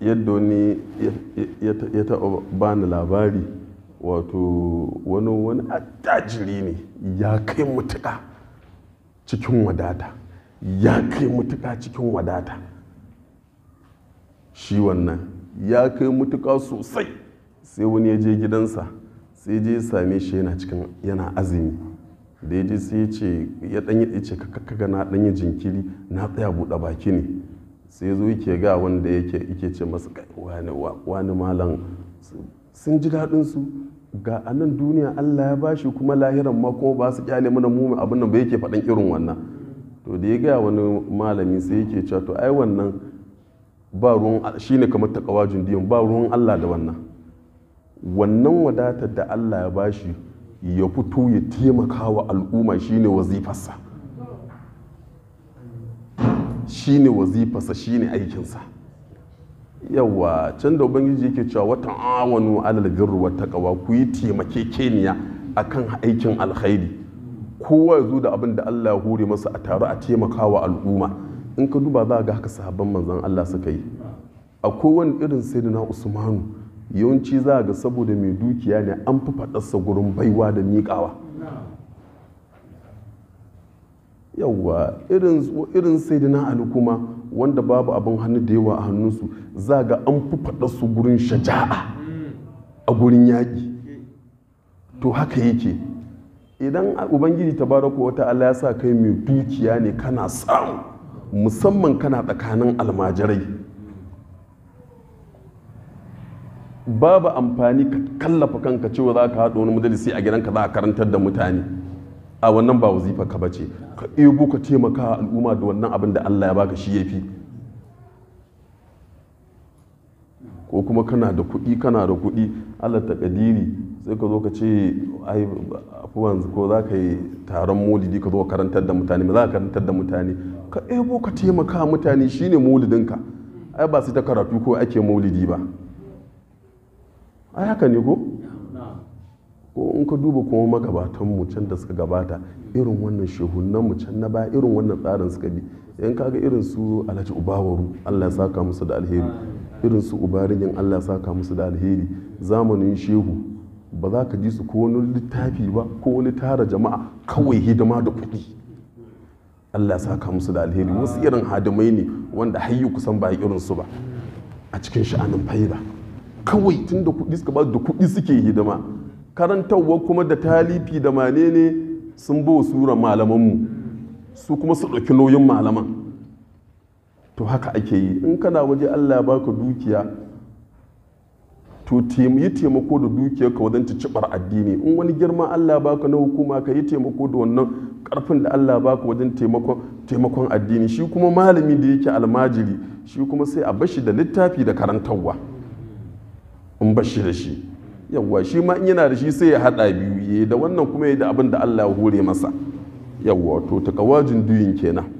yadda wani ya taɓa bani labari wato wani wani attajiri ne ya kai mutuka cikin wadata ya kai mutuka cikin wadata shi wannan ya kai mutuka sosai sai wani ya je gidansa sai je same shi yana cikin yana azumi da ya je sai ya ce ya ɗanyi ce ka na ɗanyi jinkiri na tsaya buɗe baki ne sai zo yake ga wanda yake ike ce masa wani wani malam sun ji daɗin su ga anan duniya Allah ya bashi kuma lahiran ma kuma ba su kyale mana mu abin nan ba yake faɗan kirin wannan to da ya ga wani malami sai yake cewa to ai wannan ba ruwan shine kamar takawa jundiyan ba ruwan Allah da wannan wannan wadatar da Allah ya bashi ya fito ya taimaka wa al'umma shine wazifarsa shine wazifarsa shine aikinsa yawa can da ubangiji yake cewa wata awanu alal birru wa taqwa ku yi taimakekeniya akan aikin alkhairi kowa ya zo da abin da Allah ya hore masa a taru a wa al'umma in ka duba za ga haka sahabban manzan Allah suka yi a kowane irin sayyidina usmanu yawanci za ga saboda mai dukiya ne an fi faɗarsa gurin baiwa da miƙawa yawwa irin sai da na ali kuma wanda babu abin hannu da yawa a hannunsu za ga an fi faɗa su gurin shaja'a a gurin yaƙi to haka yake idan ubangiji ta baraka wata allah ya sa kai mai dukiya ne kana samu musamman kana tsakanin almajirai babu amfani ka kallafa kanka cewa za ka haɗa wani majalisi a gidanka za a karantar da mutane a wannan ba wazifa ka bace ka ebo ka taimaka al'umma da wannan abin da Allah ya baka shi ya fi. ko kuma kana da kuɗi kana da kuɗi Allah ta kadiri sai ka zo ka ce ai afuwan ko za ka yi taron molidi ka zo karantar da mutane ba. za ka karantar da mutane ka ebo ka taimaka mutane shine molidinka ai ba sai ta karatu ko ake maulidi ba ai haka ne ko ko in ka duba kuma magabatan mu can da suka gabata irin wannan shehunan mu can na baya irin wannan tsarin suka bi in kaga irin su alhaji ubawaru allah ya saka musu da alheri irin su ubarigin allah ya saka musu da alheri zamanin shehu ba za ka ji su ko wani littafi ba ko wani tara jama'a kawai hidima da kuɗi allah ya saka musu da alheri wasu irin hadimai ne wanda hayyu kusan ba irin su ba a cikin sha'anin faida kawai tun da kuɗi suka ba da kuɗi suke hidima karantarwa kuma da talifi da mane ne sun bo sura malamanmu su kuma su ɗauki nauyin malaman to haka ake yi in kana waje allah baka dukiya to yi taimako da dukiyar ka wajen cicibar addini in wani girma allah baka na hukuma ka yi taimako da wannan karfin da allah baka wajen taimakon addini shi kuma malami da yake almajiri shi kuma sai a bashi da littafi da karantarwa in bashi da shi yawwa shi ma in yana da shi sai ya haɗa biyu da wannan kuma ya da abin da Allah ya hore masa yawwa to takawajin duyin kenan